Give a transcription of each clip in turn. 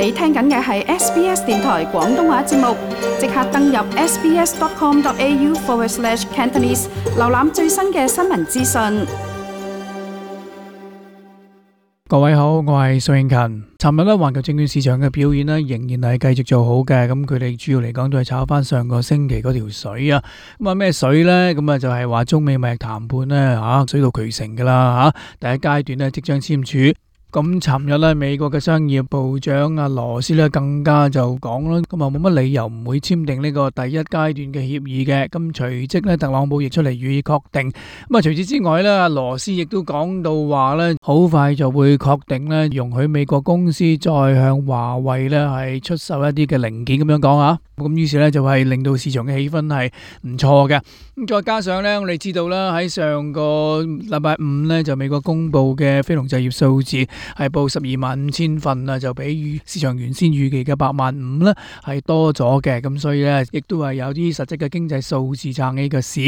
你聽緊嘅係 SBS 電台廣東話節目，即刻登入 sbs.com.au/cantonese 瀏覽最新嘅新聞資訊。各位好，我係蘇永勤。尋日呢，環球證券市場嘅表現呢，仍然係繼續做好嘅。咁佢哋主要嚟講，都係炒翻上個星期嗰條水啊。咁啊，咩水呢？咁啊，就係話中美貿易談判呢嚇，水到渠成噶啦嚇，第一階段呢，即將簽署。咁尋日呢，美國嘅商業部長阿羅斯呢更加就講啦，咁啊冇乜理由唔會簽訂呢個第一階段嘅協議嘅。咁隨即呢，特朗普亦出嚟予以確定。咁啊，除此之外呢，阿羅斯亦都講到話呢，好快就會確定呢，容許美國公司再向華為呢係出售一啲嘅零件，咁樣講啊。咁於是呢就係令到市場嘅氣氛係唔錯嘅。咁再加上呢，我哋知道啦，喺上個禮拜五呢就美國公布嘅非農就業數字。係報十二萬五千份啦、啊，就比市場原先預期嘅八萬五呢係多咗嘅，咁所以呢，亦都係有啲實質嘅經濟數字撐起個市，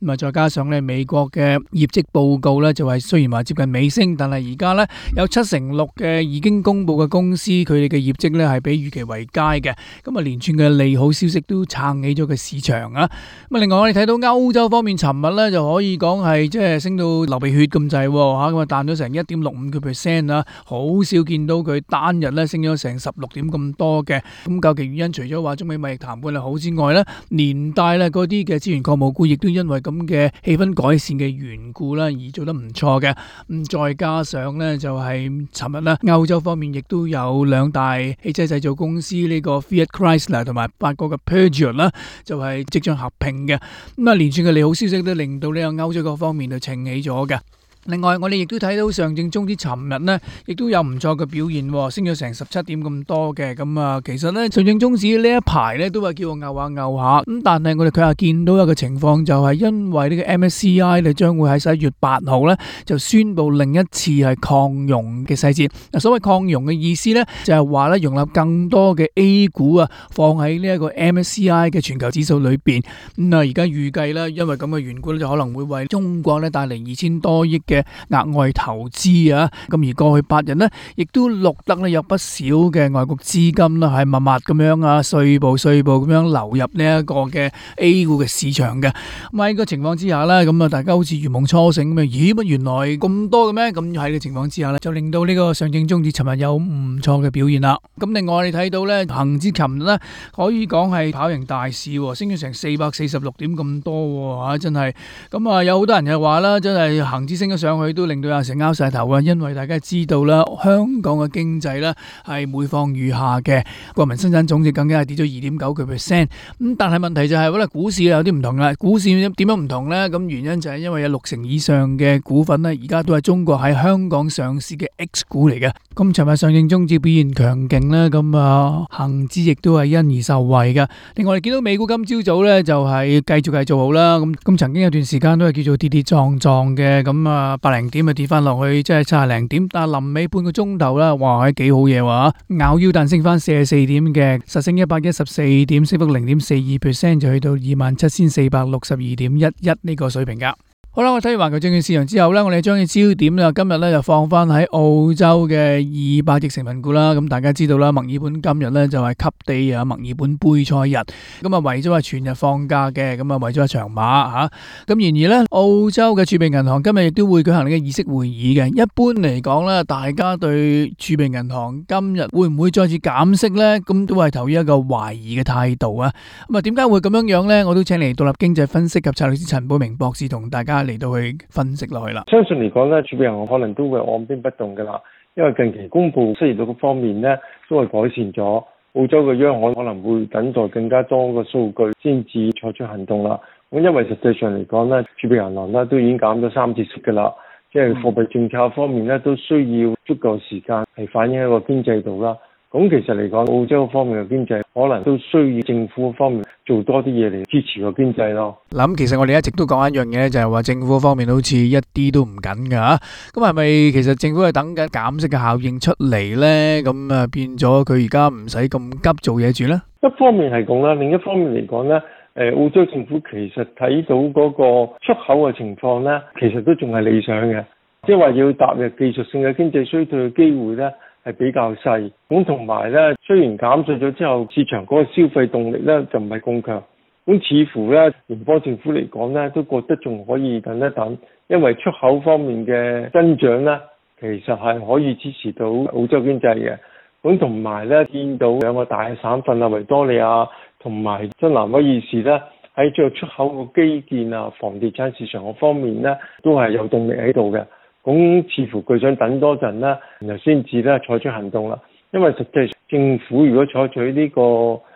咁啊再加上呢，美國嘅業績報告呢，就係、是、雖然話接近尾聲，但係而家呢，有七成六嘅已經公布嘅公司佢哋嘅業績呢係比預期為佳嘅，咁啊連串嘅利好消息都撐起咗個市場啊，咁啊另外我哋睇到歐洲方面，尋日呢，就可以講係即係升到流鼻血咁滯喎吓，咁啊彈咗成一點六五個 percent 啊。好少見到佢單日咧升咗成十六點咁多嘅，咁究其原因，除咗話中美貿易談判係好之外咧，連帶咧嗰啲嘅資源礦物股亦都因為咁嘅氣氛改善嘅緣故啦，而做得唔錯嘅，咁再加上咧就係尋日咧歐洲方面亦都有兩大汽車製造公司呢個 Fiat Chrysler 同埋法國嘅 Peugeot 啦，就係即將合併嘅，咁啊連串嘅利好消息都令到呢個歐洲各方面就撐起咗嘅。另外，我哋亦都睇到上證綜指尋日咧，亦都有唔錯嘅表現喎，升咗成十七點咁多嘅。咁啊，其實咧上證綜指呢一排咧都係叫我拗下拗下。咁但係我哋今日見到一個情況，就係因為呢個 MSCI 咧將會喺十一月八號咧就宣布另一次係擴容嘅細節。嗱，所謂擴容嘅意思咧，就係話咧容納更多嘅 A 股啊放喺呢一個 MSCI 嘅全球指數裏邊。咁啊，而家預計咧，因為咁嘅緣故就可能會為中國咧帶嚟二千多億嘅。額外投資啊，咁而過去八日呢，亦都錄得呢有不少嘅外國資金啦、啊，係密密咁樣啊，碎步碎步咁樣流入呢一個嘅 A 股嘅市場嘅。咁喺個情況之下呢，咁啊，大家好似如夢初醒咁樣咦？乜原來咁多嘅咩？咁喺個情況之下呢，就令到呢個上證綜指尋日有唔錯嘅表現啦。咁另外你睇到呢，恒指琴日可以講係跑贏大市、哦，升咗成四百四十六點咁多吓、哦啊，真係。咁啊，有好多人就話啦，真係恒指升上去都令到阿成拗晒頭嘅，因為大家知道啦，香港嘅經濟呢係每況愈下嘅，國民生產總值更加係跌咗二點九個 percent。咁但係問題就係，嗰咧股市有啲唔同啦。股市點點樣唔同呢？咁原因就係因為有六成以上嘅股份呢，而家都係中國喺香港上市嘅 X 股嚟嘅。咁尋日上證綜指表現強勁啦。咁啊恒指亦都係因而受惠嘅。另外，你哋見到美股今朝早咧就係、是、繼續繼續好啦。咁咁曾經有段時間都係叫做跌跌撞撞嘅，咁啊百零點啊跌翻落去，即係七廿零點。但係臨尾半個鐘頭啦，哇，係幾好嘢哇！咬腰彈升翻四十四點嘅，實升一百一十四點，升幅零點四二 percent 就去到二萬七千四百六十二點一一呢個水平噶。好啦，我睇完環球證券市場之後呢，我哋將嘅焦點就今日呢，就放翻喺澳洲嘅二百億成分股啦。咁大家知道啦，墨爾本今日呢，就係吸地啊，墨爾本杯賽日。咁啊，為咗係全日放假嘅，咁啊為咗一場馬吓。咁然而呢，澳洲嘅儲備銀行今日亦都會舉行呢個議息會議嘅。一般嚟講呢，大家對儲備銀行今日會唔會再次減息呢？咁都係投以一個懷疑嘅態度啊。咁啊，點解會咁樣樣呢？我都請嚟獨立經濟分析及策略師陳寶明博士同大家。嚟到去分析落去啦，相信嚟講咧，儲備銀行可能都會按兵不動噶啦，因為近期公布失業率嗰方面咧都係改善咗，澳洲嘅央行可能會等待更加多嘅數據先至採取行動啦。咁因為實際上嚟講咧，儲備銀行咧都已經減咗三次息噶啦，即係貨幣政策方面咧都需要足夠時間係反映喺個經濟度啦。咁其實嚟講，澳洲方面嘅經濟可能都需要政府方面做多啲嘢嚟支持個經濟咯。嗱，咁其實我哋一直都講緊一樣嘢咧，就係話政府方面好似一啲都唔緊㗎吓。咁係咪其實政府係等緊減息嘅效應出嚟咧？咁啊變咗佢而家唔使咁急做嘢住咧？一方面係咁啦，另一方面嚟講咧，誒，澳洲政府其實睇到嗰個出口嘅情況咧，其實都仲係理想嘅，即係話要踏入技術性嘅經濟衰退嘅機會咧，係比較細，咁同埋呢，雖然減稅咗之後，市場嗰個消費動力呢就唔係咁強。咁似乎呢，聯邦政府嚟講呢，都覺得仲可以等一等，因為出口方面嘅增長呢，其實係可以支持到澳洲經濟嘅。咁同埋呢，見到兩個大省份啊，維多利亞同埋新南威爾士呢，喺做出口個基建啊、房地產市場嗰方面呢，都係有動力喺度嘅。咁似乎佢想等多陣啦，然後先至咧採取行動啦。因為實際政府如果採取呢個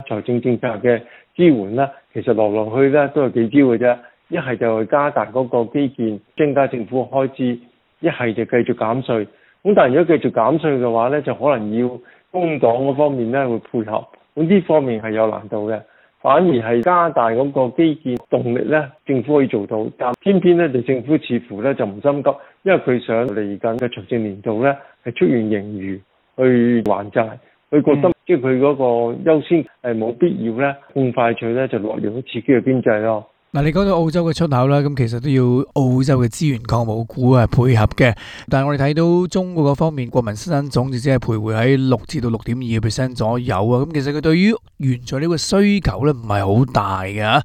財政政策嘅支援呢，其實落落去咧都係幾招嘅啫。一係就去加大嗰個基建，增加政府開支；一係就繼續減稅。咁但係如果繼續減稅嘅話咧，就可能要工黨嗰方面咧會配合。咁呢方面係有難度嘅。反而係加大嗰個基建動力咧，政府可以做到，但偏偏咧就政府似乎咧就唔心急，因為佢想嚟緊嘅財政年度咧係出現盈餘去還債，佢覺得、嗯、即係佢嗰個優先係冇必要咧咁快脆咧就落揚自己嘅經濟咯。嗱，你講到澳洲嘅出口啦，咁其實都要澳洲嘅資源礦物股啊配合嘅。但係我哋睇到中國嗰方面國民生產總值只係徘徊喺六至到六點二 percent 左右啊。咁其實佢對於原材料嘅需求咧唔係好大嘅吓。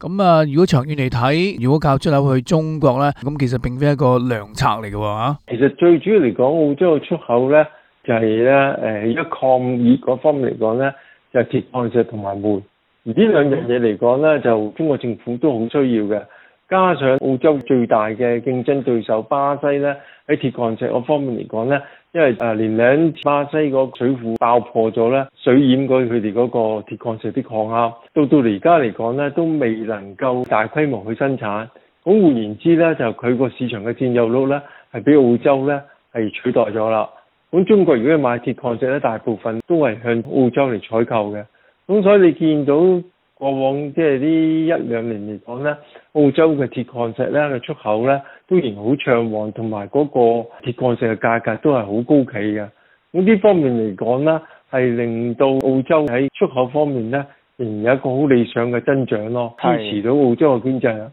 咁啊，如果長遠嚟睇，如果靠出口去中國咧，咁其實並非一個良策嚟嘅吓。其實最主要嚟講，澳洲嘅出口咧就係咧，誒，而家礦業嗰方面嚟講咧，就係鐵礦石同埋煤。而這兩件事來呢兩樣嘢嚟講咧，就中國政府都好需要嘅。加上澳洲最大嘅競爭對手巴西咧，喺鐵礦石嗰方面嚟講咧，因為誒連兩巴西個水庫爆破咗咧，水淹嗰佢哋嗰個鐵礦石啲礦坑，到到嚟而家嚟講咧，都未能夠大規模去生產。咁換言之咧，就佢個市場嘅佔有率咧，係俾澳洲咧係取代咗啦。咁中國如果買鐵礦石咧，大部分都係向澳洲嚟採購嘅。咁所以你見到過往，即係呢一兩年嚟講呢，澳洲嘅鐵礦石呢嘅出口呢，都仍然好暢旺，同埋嗰個鐵礦石嘅價格都係好高企嘅。咁呢方面嚟講呢係令到澳洲喺出口方面呢，仍然有一個好理想嘅增長咯，支持到澳洲嘅經濟。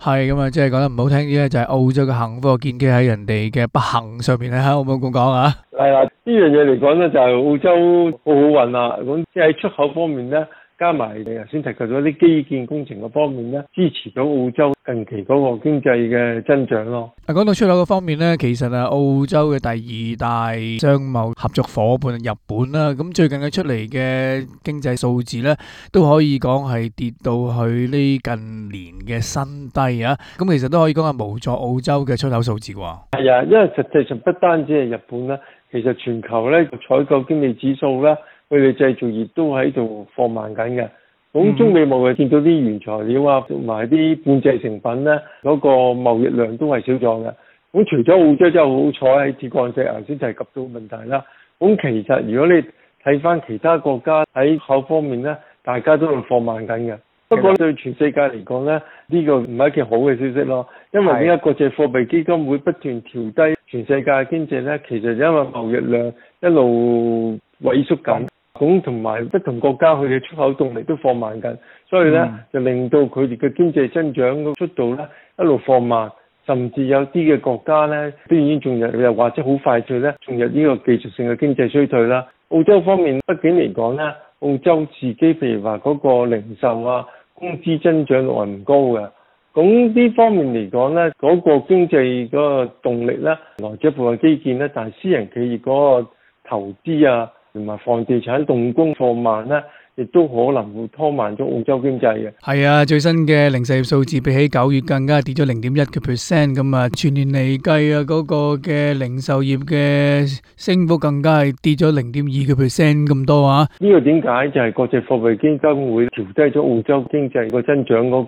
係咁啊，即係講得唔好聽啲咧，就係澳洲嘅幸福建基喺人哋嘅不幸上面咧，可唔可咁講啊？係啦，呢樣嘢嚟講咧，就係澳洲好好運啦。咁即係出口方面咧。加埋你頭先提及咗啲基建工程嘅方面咧，支持到澳洲近期嗰個經濟嘅增長咯。啊，講到出口嘅方面咧，其實啊，澳洲嘅第二大商貿合作夥伴日本啦，咁最近佢出嚟嘅經濟數字咧，都可以講係跌到去呢近年嘅新低啊。咁其實都可以講係無助澳洲嘅出口數字啩？係啊，因為實際上不單止係日本啦，其實全球咧個採購經理指數啦。佢哋製造業都喺度放慢緊嘅，咁中美貿易見到啲原材料啊，同埋啲半製成品咧，嗰、那個貿易量都係少咗嘅。咁除咗澳洲真係好彩喺鐵礦石，頭先提及到問題啦。咁其實如果你睇翻其他國家喺口方面咧，大家都會放慢緊嘅。不過對全世界嚟講咧，呢、這個唔係一件好嘅消息咯，因為點解國際貨幣基金會不斷調低全世界經濟咧，其實因為貿易量一路萎縮緊。咁同埋不同國家佢哋出口動力都放慢緊，所以咧就令到佢哋嘅經濟增長個速度咧一路放慢，甚至有啲嘅國家咧都已經進入又或者好快脆咧進入呢個技術性嘅經濟衰退啦。澳洲方面畢竟嚟講咧，澳洲自己譬如話嗰個零售啊、工資增長都係唔高嘅，咁呢方面嚟講咧，嗰、嗰個經濟嗰個動力咧來咗部分基建咧，但係私人企業嗰個投資啊。同埋，房地產動工放慢咧，亦都可能會拖慢咗澳洲經濟嘅。係啊，最新嘅零售業數字比起九月更加跌咗零點一嘅 percent 咁啊，全年嚟計啊，嗰個嘅零售業嘅升幅更加係跌咗零點二嘅 percent 咁多啊。呢個點解就係國際貨幣基金會調低咗澳洲經濟個增長嗰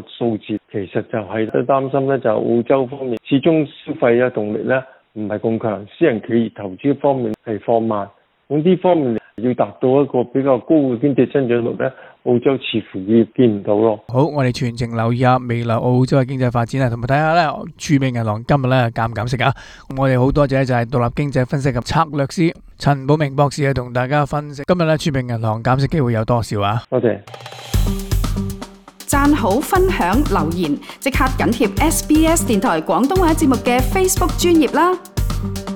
個數字，其實就係都擔心咧，就澳洲方面始終消費嘅動力咧唔係咁強，私人企業投資方面係放慢。從呢方面要達到一個比較高嘅經濟增長率咧，澳洲似乎亦見唔到咯。好，我哋全程留意下未來澳洲嘅經濟發展啦，同埋睇下咧，著名銀行今日咧減唔減息啊？我哋好多謝就係獨立經濟分析及策略師陳寶明博士啊，同大家分析今日咧，著名銀行減息機會有多少啊？多謝。讚好、分享、留言，即刻緊貼 SBS 電台廣東話節目嘅 Facebook 專頁啦。